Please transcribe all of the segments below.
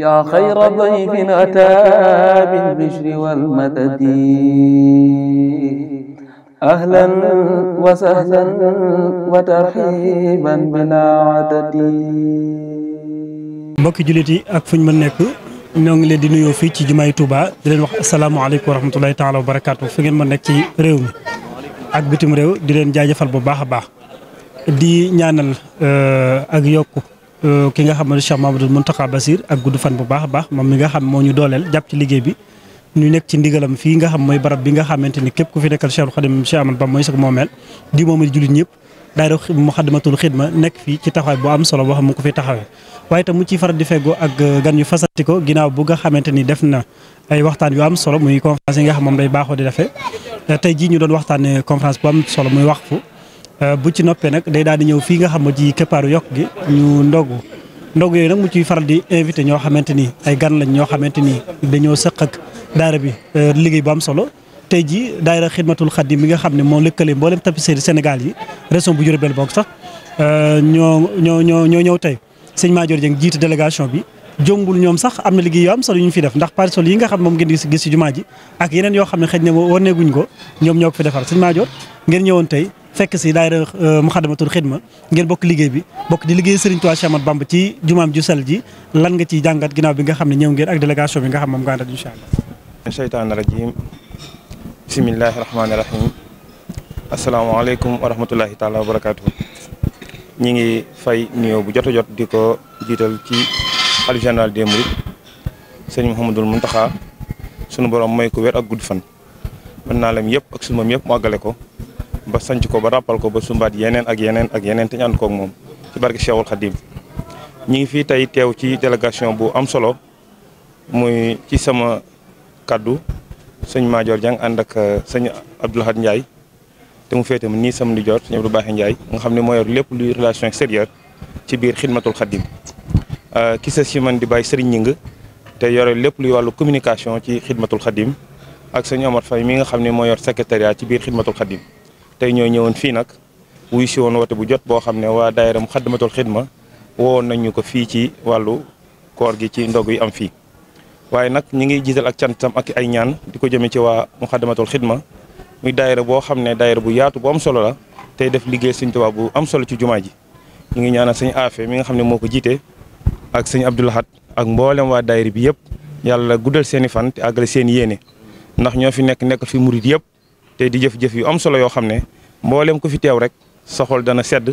yaa xayra dayfin ataa bil bishri wal madadi wa sahlan wa tarxiiban bilaa adadi mbokki jullit yi ak fuñ mën nekk ñoo ngi leen di nuyoo fii ci jumaay Touba di leen wax asalaamualeykum wa rahmatulahi taala wa barakaatu fi ngeen ma nekk ci réew mi ak bitim réew di leen jaajëfal bu baax a baax di ñaanal euh, ak yokk Euh, ki nga xam ne Cheikh Mamadou Mountakha Basir ak gudd fan bu baax a baax moom mi nga xam moo ñu dooleel jàpp ci liggéey bi. ñu nekk ci ndigalam fii nga xam mooy barab bi nga xamante ni képp ku fi nekkal Cheikh Khadim Cheikh Amadou Bamba mooy sax moomeel di moomeel jullit ñëpp. daayira Muxaddamatul nekk fii ci taxawaay bu am solo boo xam mu ko fi waaye itam mu ciy faral di feggoo ak euh, gan yu ko ginnaaw bu nga xamante ni def na ay waxtaan yu am solo muy conférence yi nga xam moom day baaxoo di defee. Euh, tey jii ñu doon waxtaanee conférence bu am solo muy wax fu Euh, bu ci noppee nag day daal di ñëw fii nga xam ne ci keppaaru yokk gi ñu ndogu ndogu yooyu nag mu ciy faral di invité ñoo xamante ni ay gan lañ ñoo xamante ni dañoo sëq ak daara bi euh, liggéey bu am solo tey jii daayira xidmatul xadim bi nga xam ne moo lëkkale mboolem tapisserie Sénégal yi région bu Diourbel boog sax euh, ñoo ñoo ñoo ñoo ñëw tey sëñ Madior Dieng jiite délégation bi jombul ñoom sax am na liggéey yoo am solo ñu fi def ndax parasol yi nga xam moom ngeen di gis ci jumaa ji ak yeneen yoo xam ne xëy na waneeguñ ko ñoom ñoo ko fi defar sëñ Madior ngeen ñëwoon tey fekk si daayira euh, Muxaddamatul Xidma ngeen bokk liggéey bi bokk di liggéey Serigne Touba Cheikh Ahmadou Bamba ci jumaam ju sell ji lan nga ciy jàngat ginnaaw bi nga xam ne ñëw ngeen ak délégation bi nga xam moom nga àndal incha allah. seytaan rajim bismillahi rahmaani rahim asalaamaaleykum wa rahmatullahi taala wa ñi ngi fay nuyoo bu jot a jot di ko jiital ci xalifa général des mourides sëriñ Mouhamadul Mountakha sunu borom may ko wér ak gudd fan mën naa lam yëpp ak sunu moom yëpp ko ba sanc ko ba ràppal ko ba sumbaat yeneen ak yeneen ak yeneen te ñu ànd koog moom ci barke Cheikhul Khadim ñi ngi fii tey teew ci délégation bu am solo muy ci sama kàddu sëñ Madior Dieng ànd ak euh, sëñ Abdou Lahad Ndiaye te mu féete mu nii sama ndijoor sëñ Abdou Baaxe nga xam ne moo yor lépp luy relation extérieure ci biir xidmatul Khadim euh, ki sa si man di bàyyi sëriñ ñing te yore lépp luy wàllu communication ci xidmatul Khadim ak sëñ Omar Faye mi nga xam ne moo yor secrétariat ci biir xidmatul Khadim tey ñoo ñëwoon fii nag wuy si woon woote bu jot boo xam ne waa daayira Muxaddamatul Xidma woowoon nañ ñu ko fii ci wàllu koor gi ci ndog yi am fii waaye nag ñi ngi jiital ak cantam ak ay ñaan di ko jëmee ci waa Muxaddamatul Xidma muy daayira boo xam ne daayira bu yaatu bu am solo la tey def liggéey Sëñ Tuubaa bu am solo ci jumaa ji ñu ngi ñaanal sëñ Afe mi nga xam ne moo ko jiite ak sëñ Abdou Lahad ak mboolem waa daayira bi yëpp yàlla guddal seen i fan te àggale seen yéene ndax ñoo fi nekk nekk fi murit yëpp te di jëf-jëf yu am solo yoo xam ne mboolem ku fi teew rek soxool dana sedd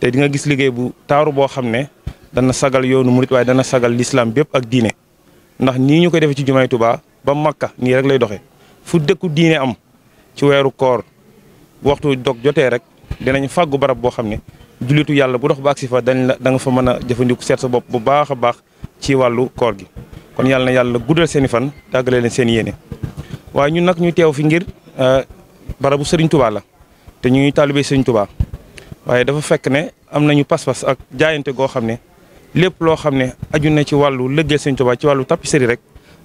te di nga gis liggéey bu taaru boo xam ne dana sagal yoonu murit waaye dana sagal lislaam bépp ak diine ndax nii ñu koy defee ci jumaay Tuubaa ba Makka nii rek lay doxee fu dëkku diine am ci weeru koor waxtu dog jotee rek dinañ fàggu barab boo xam ne jullitu yàlla bu dox ba agsi fa dañ la fa mën a jëfandiku seet sa bopp bu baax a baax ci wàllu koor gi kon yàlla na yàlla guddal seen i fan tàggale leen seen yéene Euh, barabu sëriñ Touba la te ñu ngi taalibé Serigne waaye dafa fekk ne am nañu pas-pas ak jaayante goo xam ne lépp loo xam ne aju na ci wàllu lëggee Serigne Touba ci wàllu tapisserie rek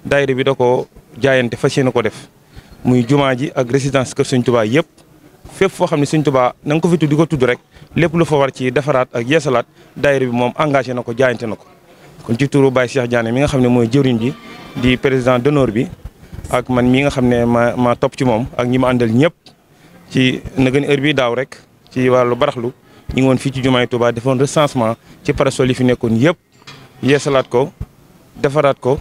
daayira bi da ko jaayante fas yéene ko def muy jumaa ji ak résidence kër Serigne Touba yëpp fépp foo xam ne Serigne Touba na nga ko fi tudd ko tudd rek lépp lu fa war ci defaraat ak yeesalaat daayira bi moom engagé na ko jaayante na ko kon ci turu Baye Cheikh Diané mi nga xam ne mooy jëwriñ ji di président d'honneur bi ak man mii nga xam ne ma maa topp ci moom ak ñi ma àndal ñëpp ci na gën heure bi daaw rek ci wàllu baraxlu ñu ngi woon fii ci jumaay Touba defoon recensement ci parasol yi fi nekkoon yëpp yeesalaat ko defaraat ko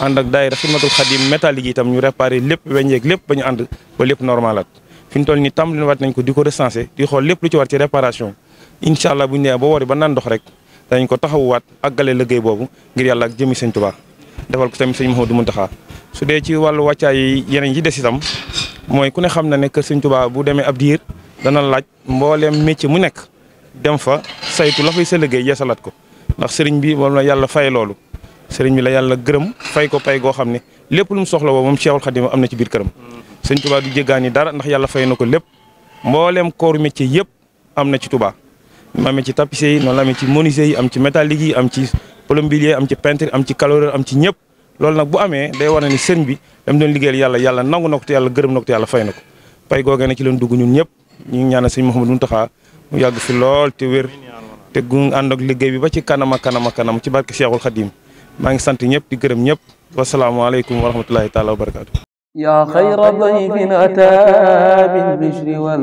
ànd ak daayira Xidmatul Xadim métallique yi tam ñu réparé lépp weññeeg lépp ba ñu ànd ba lépp normalaat fi ñu toll nii tàmbali waat nañ ko di ko recensé di xool lépp lu ci war ci réparation incha allah bu ñu nee ba wori ba naan ndox rek dañ ko ak àggale liggéey boobu ngir yàlla ak jëmi sëñ Touba ko tamit sëñ Mouhamadou Mountakha su dee ci wàllu wàccaay yi yeneen yi des itam mooy ku ne xam na ne kër Sëñ Tuubaa bu demee ab diir dana laaj mbooleem métier mu nekk dem fa saytu la fay sa liggéey yeesalaat ko ndax sëriñ bi moom la yàlla fay loolu sëriñ bi la yàlla gërëm fay ko pay goo xam ne lépp lu mu soxla woo moom Cheikhul Khadim am na ci biir këram. Sëñ Tuubaa du jéggaani dara ndax yàlla fay na ko lépp mbooleem kooru métier yëpp am na ci Tuubaa mu amee ci tapissier yi noonu la amee ci menuisier am ci métallique yi am ci plombier am ci peintre am ci caloreur am ci ñëpp loolu nag bu amee day wane ni sëñ bi dam doon liggéeyal yàlla yàlla nangu na ko te yàlla gërëm na ko te yàlla fay na pay googee na ci leen dugg ñun ñëpp ñu ngi ñaanal sëñ Mouhamadou Mountakha mu yàgg fi lool te wér te gu ànd ak liggéey bi ba ci kanam ak kanam ak kanam ci barke Cheikhul Khadim maa ngi sant ñëpp di gërëm ñëpp wasalaamaaleykum wa rahmatullahi taala wa barakaatu yaa xayra dayfin ataa bil bishri wal